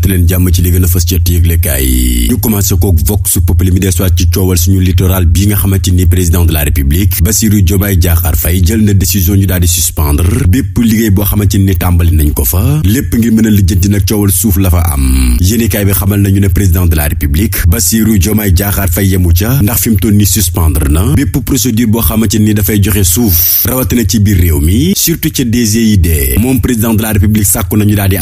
te leen jàmm ci li gën a fës ci yëglekaay yi ñu commencé ko vox populi mi des waat ci coowal suñu littoral bi nga xamante ni président de la république Bassirou Diomaye Diakhar Faye a lijjanti yemu ca ndax fi mu ni suspendre na bépp procédure boo xamante ni dafay joxe suuf rawatina ci biir réew mi surtout ca DGID moom président de la république sàkku nañu daal di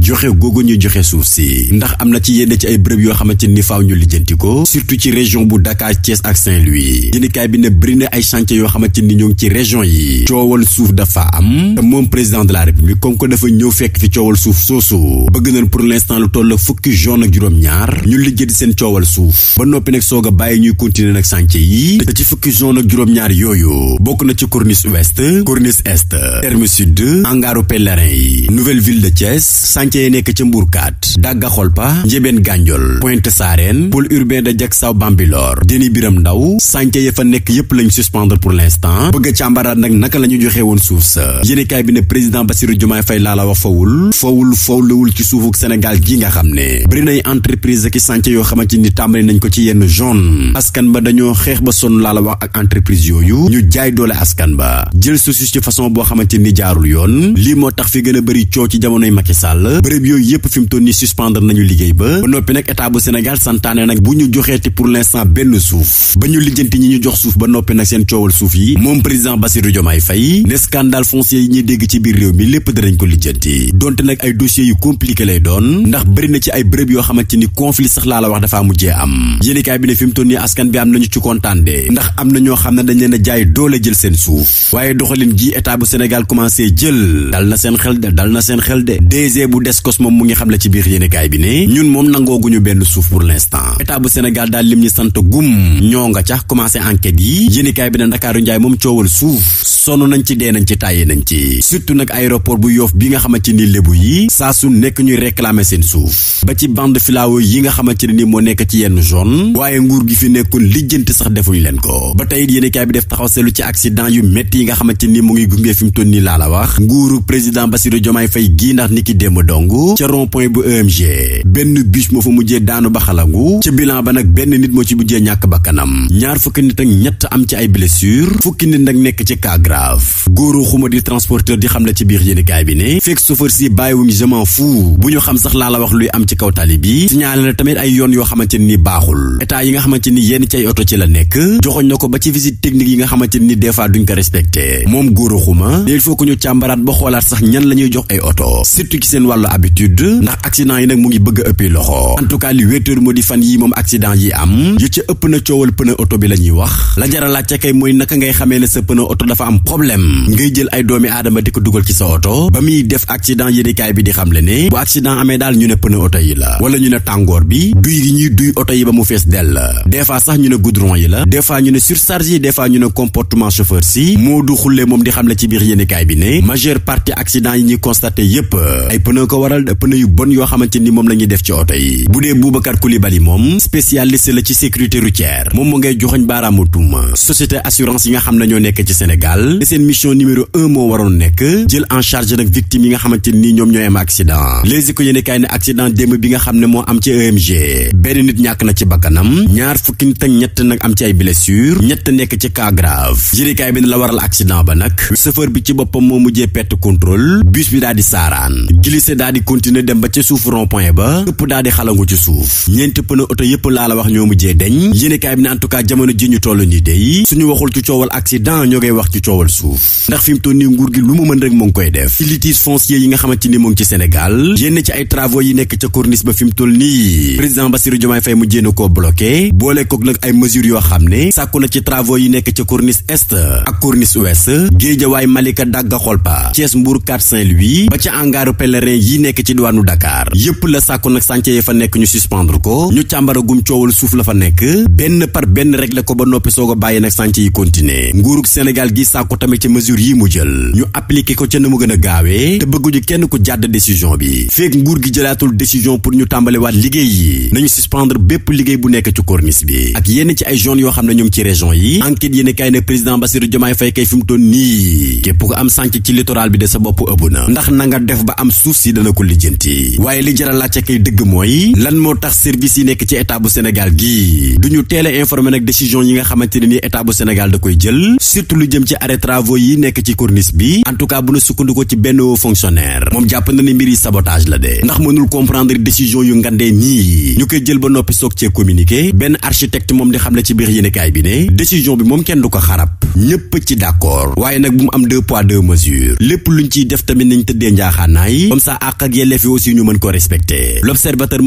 joxe googu ñu joxe suuf si ndax am na ci yenn ci ay bërëb yoo xamante ni faaw ñu lijjanti ko surtout ci région bu Dakar Thiès ak Saint-Louis yéenekaay bi ne bëri na ay chantier yoo xamante ni ñoo ngi ci région yi coowal suuf dafa am moom président de la République comme que dafa ñëw fekk fi coowal suuf soosu bëgg nañ pour l'instant lu toll fukki zone ak juróom-ñaar ñu lijjanti seen coowal suuf ba noppi nag soog bàyyi ñuy continuer nag chantier yi te ci fukki zone ak juróom yooyu bokk na ci corniche ouest corniche est terme sud angaaru pèlerin yi nouvelle ville de Thiès chantier yi nekk ca Fokat Dagga Xolpa Njëbeen Ganjol Pointe Sarène pôle urbain de Diacksao Bambilor Déni Biram Ndaw sànce ya fa nekk yépp lañ suspendre pour l'instant bëgg a càmbaraat nag naka la ñu joxee woon suuf sa yéenekaay bi ne président Bassirou Diomaye Faye laa la wax fawul fawul fawlawul ci suufuk Sénégal gi nga xam ne bëri nay entreprise ki sànce yoo xamante ni tàmbali nañ ko ci yenn zone askan ba dañoo xeex ba sonn laa la wax ak entreprise yooyu ñu jaay doole askan ba jël suuf ci façon boo xamante ni jaarul yoon lii moo tax fi gën a bëri coow fi mu toll nii nañu liggéey ba ba noppi nag état bu Sénégal santaane nag bu ñu joxeeti pour l'instant benn suuf ba ñu lijjanti ñi ñu jox suuf ba noppi nag seen coowal suuf yi moom président Bassirou Diomaye Faye ne yi ñuy dégg ci biir ko lijjanti donte nag ay dossiers yu compliqué lay doon ndax bëri na ci ay bërëb yoo xamante ni conflit sax laa la wax dafa mujjee am yéenekaay bi ne fi mu toll nii askan bi am nañu ci kontaan de ndax am na ñoo xam ne dañ leen a jaay doole jël seen suuf waaye doxalin gi état bu Sénégal commencé jël dal na seen xel de dal na xam la ci biir yéenekaay bi ne ñun moom nangooguñu benn suuf pour l'instant état bu Sénégal daal lim ñu sant gum ñoo nga ca commencé enquête yi yéenekaay bi ne Ndakaaru Njaay moom coowal suuf sonn nañ ci dee nañ ci tàyyi nañ ci surtout nag aéroport bu yoof bi nga xamante ni lébu yi saa su nekk ñuy réclamer seen suuf ba ci bande filao yi nga xamante ne ni moo nekk ci yenn zone waaye nguur gi fi nekkul lijjanti sax defuñu leen ko ba tey it yéenekaay bi def taxaw seetlu ci accident yu métti yi nga xamante ni mu ngi gungee fi mu toll nii laa la wax nguuru président Bassirou Diomaye Faye gii ndax niki démb dong ca rond point bu EMG benn bus moo fa mujjee daanu ba ca bilan ba nag benn nit moo ci mujjee ñàkk bakkanam ñaar fukki nit ak ñett am ci ay blessure fukki nit nag nekk ci cas grave góoru xuma di transporteur di xam la ci biir kaay bi ne fekk chauffeur si bàyyiwuñ je m'en fous bu ñu xam sax laa la wax luy am ci kaw tali bi signalé na tamit ay yoon yoo xamante ni baaxul état yi nga xamante ni yenn ci ay oto ci la nekk joxoñ na ko ba ci visite technique yi nga xamante ni des fois duñ ko respecté moom góoru xuma ne il faut ñu càmbaraat ba xoolaat sax ñan la ñuy jox ay oto surtout ci seen wàllu habitude ndax accident yi nag mu ngi bëgg a loxo en tout cas li wéetóor moo moom accident yi am ëpp na oto bi la ñuy wax la jara laaj mooy naka ngay xamee ne sa oto dafa am problème ngay jël ay doomi aadama di dugal ci sa oto ba muy def accident yéenekaay bi di xamle ne bu accident amee daal ñu ne pneu oto yi la wala ñu ne tàngoor bi duy gi ñuy duy oto yi ba mu fees dell des fois sax ñu ne goudron yi la des fois ñu ne surcharge yi des fois ñu ne comportement chauffeur si moo du xulle moom di xam xamle ci biir yéenekaay bi ne majeure partie accident yi ñu constaté yépp ay pneu ko waral pneu yu bon yoo xamante ni moom la ñuy def ci oto yi bu dee Boubacar Coulibaly moom spécialiste la ci sécurité routière moom mu ngay joxoñ baaraamu tuuma assurance yi nga xam ne ñoo nekk ci Sénégal Sénégal te seen mission numéro un moo waroon nekk jël en charge nag victime yi nga xamante ni ñoom ñooy am accident Les Échos yéene ne accident démb bi nga xam ne moo am ci EMG benn nit ñàkk na ci bakkanam ñaar fukki nit ak ñett nag am ci ay blessure ñett nekk ci cas grave bi ne la waral accident ba nag chauffeur bi ci boppam moo mujjee perte contrôle bus bi daal di saaraan glissé daal di continuer dem ba ci suuf rond-point ba ëpp daal di xalangu ci suuf oto yépp laa la wax ñoo mujjee deñ yéenekaay bi ne en tout cas jamono ji ñu toll nii day suñu waxul ci coowal accident ñoo wax ci coowal coowal ndax fi mu toll nii nguur gi lu mu mën rek mu ngi koy def ci litige yi nga xamante ni mu ngi ci Sénégal yenn ci ay travaux yi nekk ca corniche ba fi mu toll nii président Bassirou Diomaye Faye mu jéem a koo bloqué boole koog nag ay mesures yoo xam ne sàkku na ci travaux yi nekk ca corniche est ak corniche ouest Géejawaay Malika Dagga Xolpa cees mbuur 4 Saint-Louis ba ca angaaru pèlerin yi nekk ci diwaanu Dakar yépp la sàkku nag chantier yi fa nekk ñu suspendre ko ñu càmbaragum coowal suuf la fa nekk benn par benn rek la ko ba noppi soog a bàyyi nag chantier yi continuer nguurug Sénégal gi sàkku tamit ci mesure yi mu jël ñu appliqué ko ca na mu gën a gaawee te bëgguñu kenn ku jàdd décision bi feek nguur gi jëlaatul décision pour ñu tàmbaliwaat liggéey yi nañu suspendre bépp liggéey bu nekk ci corniche bi ak yenn ci ay zones yoo xam ne ñoom ci région yi enquête yéen kay ne président Bassirou Diomaye Faye kay fi nii képp ko am sànc ci littoral bi de sa bopp ëbb na ndax na nga def ba am suuf si dana ko lijjanti waaye li jara laajte kay dëgg mooy lan moo tax service yi nekk ci état bu Sénégal gi duñu teel a informé nag décision yi nga xamante ne ni état bu Sénégal da koy arrêt travaux yi nekk ci corniche bi en bu na sukkandiku ci benn fonctionnaire moom jàpp na ne mbir yi sabotage la de ndax mënul comprendre décision yu ngandee nii ñu koy jël ba noppi soog cee communiqué benn architecte moom di xam ci biir yéenekaay bi ne décision bi moom kenn du ko xarab ñëpp ci d'accord waaye nag bu mu am deux poids deux mesures lépp luñ ciy def tamit nañ tëddee njaaxaanaay comme ça àq ak yelleef yi ñu mën ko respecté l'observateur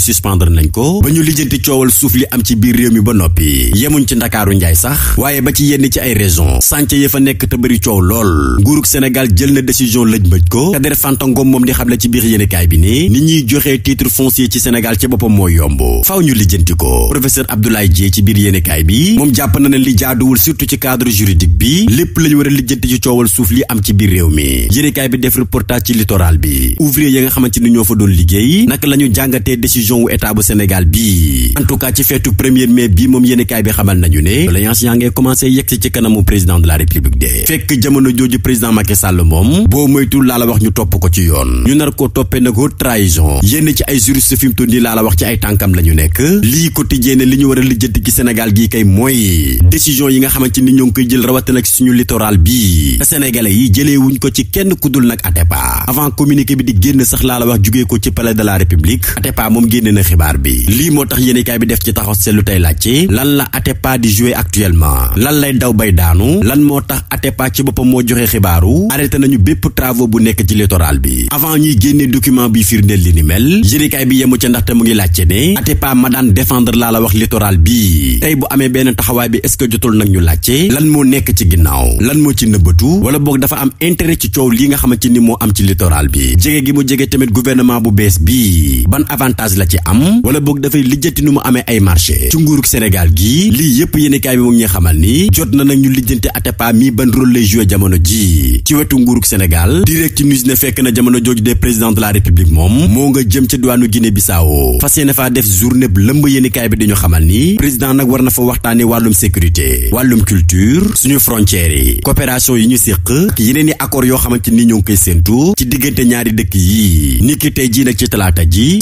ni suspendre nañ ko ba ñu lijjanti coowal suuf li am ci biir réew mi ba noppi yemuñ ci ndakaaru njaay sax waaye ba ci yenn ci ay raison sànce ya fa nekk te bari coow lool nguurug Sénégal jël na décision lëj bëj ko Kader Fanta Ngom moom di xamle ci biir yéenekaay bi ni nit ñuy joxe titre foncier ci Sénégal ci boppam mooy yomb faaw ñu lijjanti ko professeur Abdoulaye Dieye ci biir yéenekaay bi moom jàpp na ne li jaaduwul surtout ci cadre juridique bi lépp lañu war a lijjanti ci coowal suuf li am ci biir réew mi yéenekaay bi def reportage ci littoral bi ouvrier ya nga xamante ni ñoo fa doon liggéey naka lañu jàngatee décision décision état bu Sénégal bii en tout cas ci premier mai bii moom yéenekaay bi xamal nañu ne doléance yaa ngee commencé yegsi ci kanamu président de la république de fekk jamono jooju président Macky Sall moom boo moytul laa la wax ñu topp ko ci yoon ñu nar ko toppee na ko trahison yénn ci ay juriste fi mu toll nii laa la wax ci ay tànkam la ñu nekk lii quotidien li ñu war a lijjanti ci Sénégal gii kay mooy décision yi nga xamante ni ñoo ngi koy jël rawatina ci suñu littoral bi te yi jëleewuñ ko ci kenn ku dul nag Atepa avant communiqué bi di génn sax laa la wax jugee ko ci palais de la république Atepa moom génne na xibaar bi lii moo tax yéenekaay bi def ci taxaw seetlu tey laajte lan la Atepa di jouer actuellement lan lay daw bay daanu lan moo tax Atepa ci boppam moo joxe xibaaru arrêté nañu bépp travaux bu nekk ci littoral bi avant ñuy génne document bi firndeel li ni mel yéenekaay bi yemu ca ndaxte mu ngi laajte ne Atepa ma daan defendre laa la wax littoral bi tey bu amee benn taxawaay bi est-ce que jotul nag ñu laajte lan moo nekk ci ginnaaw lan moo ci nëbbatu wala boog dafa am intérêt ci coow lii nga xamante ni moo am ci littoral bi jege gi mu jege tamit gouvernement bu bees bi ban avantage la ci am wala boog dafay lijjanti nu mu amee ay marché ci nguurug Sénégal gii lii yëpp yéenekaay bi mu ngi xamal ni jot na nag ñu lijjanti Atepa mi ban rôle lay joué jamono ji ci wetu nguurug Sénégal direct news ne fekk na jamono jooju de président de la république moom moo nga jëm ca diwaanu Guinée Bissau fas yéene faa def journée bu lëmb yéenekaay bi dañu xamal ni président nag war na fa waxtaane wàllum sécurité wàllum culture suñu frontières yi coopération yi ñu séq yeneen i accord yoo xamante ni ñoo ngi koy séentu ci diggante ñaari dëkk yi ni ki tey ji nag ci talaata ji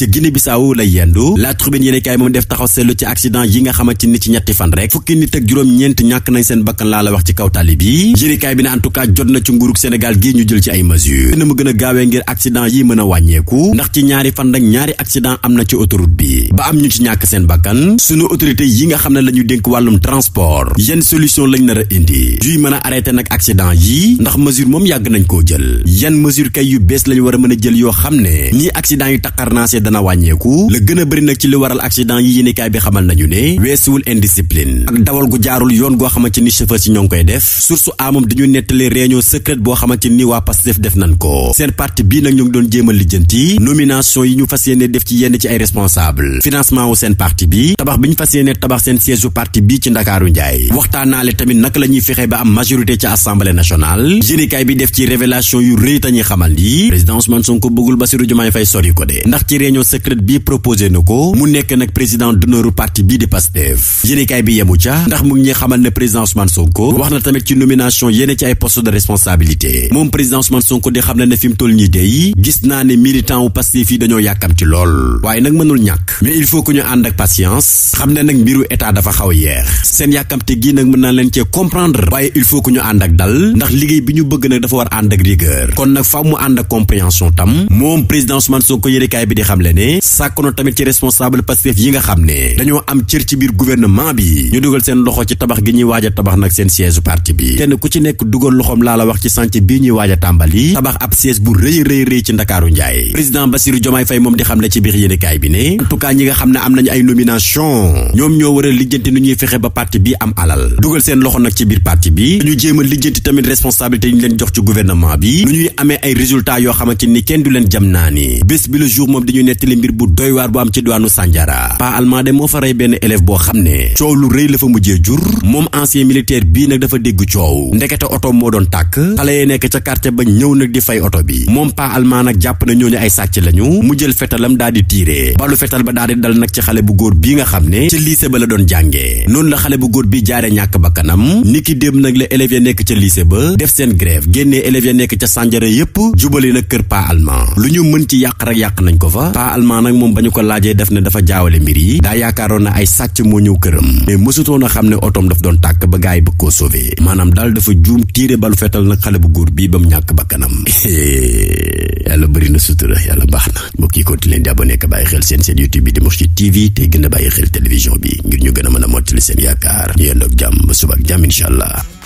la yendu la tribune yéen kaay moom def taxaw seetlu ci accident yi nga xamante ni ci ñetti fan rek fukki nit ak juróom-ñeent ñàkk nañ seen bakkan laa la wax ci kaw tali bi yéenekaay bi ne en jot na ci nguurug Sénégal gii ñu jël ci ay mesures dina mu gën a gaawee ngir accident yi mën a wàññeeku ndax ci ñaari fan nag ñaari accident am na ci autoroute bi ba am ñu ci ñàkk seen bakkan suñu autorité yi nga xam ne la ñu dénk wàllum transport yenn solution lañ nar a indi yuy mën a arrêté nag accident yi ndax mesure moom yàgg nañ koo jël yan mesure yu bees lañ war a mën a jël yoo xam ne nii accident yu taqarnaasee dana wàññeeku la gën a bëri nag ci li waral accident yi yéenekaay bi xamal nañu ne weesuwul indiscipline ak dawal gu jaarul yoon goo xamante ni chauffeur si ñoo ngi koy def source amam dañu nettali réunion secrète boo xamante ni waa Pastef def nañ ko seen parti bii nag ñu doon jéemal lijjanti nomination yi ñu fas yéene def ci yenn ci ay responsable financement wu seen parti bi tabax bi ñu fas yéene tabax seen siège parti bii ci Ndakaaru Njaay waxtaanaale tamit naka la ñuy fexe ba am majorité ci assemblée nationale yéenekaay bi def ci révélation yu rëy tañuy xamal yi président Ousmane Sonko bëggul Bassirou Diomaye Faye sori ko de ndax ci réunion secrète bi proposé na ko mu nekk nag président d'honneur parti bii di Pastef yéenekaay bi yemu ca ndax mu ngi xamal ne président Ousmane Sonko wax na tamit ci nomination yéene ci ay poste de responsabilité moom président Ousmane Sonko di xam bi di xam le ne sàkk sàkkoon tamit ci responsable Pastef yi nga xam ne dañoo am cër ci biir gouvernement bi ñu dugal seen loxo ci tabax gi ñuy waaj a tabax nag seen siège parti bi kenn ku ci nekk dugal loxoom laa la wax ci chantier bii ñuy waaj a tàmbali tabax ab siège bu rëy rëy rëy ci Ndakaaru Njaay président Bassirou Diomaye Faye moom di xam ne ci biir yéenekaay bi ne en ñuy fexe ba parti bi am alal dugal seen loxo nag ci biir parti bi ñu jéem a lijjanti tamit responsabilité yi ñu bi nu yoo xamante ni ni le jour moom doy waar bu pa almande moo fa rey benn élève boo xam ne coow lu rëy la fa mujjee jur moom ancien militaire bii nag dafa dégg coow ndekete oto moo doon tàkk xale yee nekk ca quartier ba ñëw nag di fay bi moom pa almand nag jàpp na ñooñu ay sàcc lañu mu jël fetalam daal di tiire balu fetal ba daal di dal nag ci xale bu góor bii nga xam ne ci lycée ba la doon jàngee noonu la xale bu góor bi jaare ñàkk bakkanam niki démb nag la élèves ya nekk ca lycée ba def seen grève génne élèves ya nekk ca Sandiara yépp jubali nag kër pa almand lu ñu mën ci yàq rek yàq nañ ko fa pa almand nag moom ba ñu ko laajee def ne dafa jaawale mbir yi daa yaakaaroon na ay sàcc moo ñëw këram mais mësutoon a xam ne otoom daf doon tàkk ba gars yi bëgg koo sauver maanaam daal dafa juum tiire balu fetal nag xale bu guur bii ba mu ñàkk bakkanam yàlla bëri na sutura yàlla baax na mbokk kii continué leen di nekk ka bàyyi xel seen seen YouTube bi di Mourchid TV te gën a bàyyi xel télévision bi ngir ñu gën a mën a mottali seen yaakaar ñu yendoog jàmm ba suba ak jàmm incha allah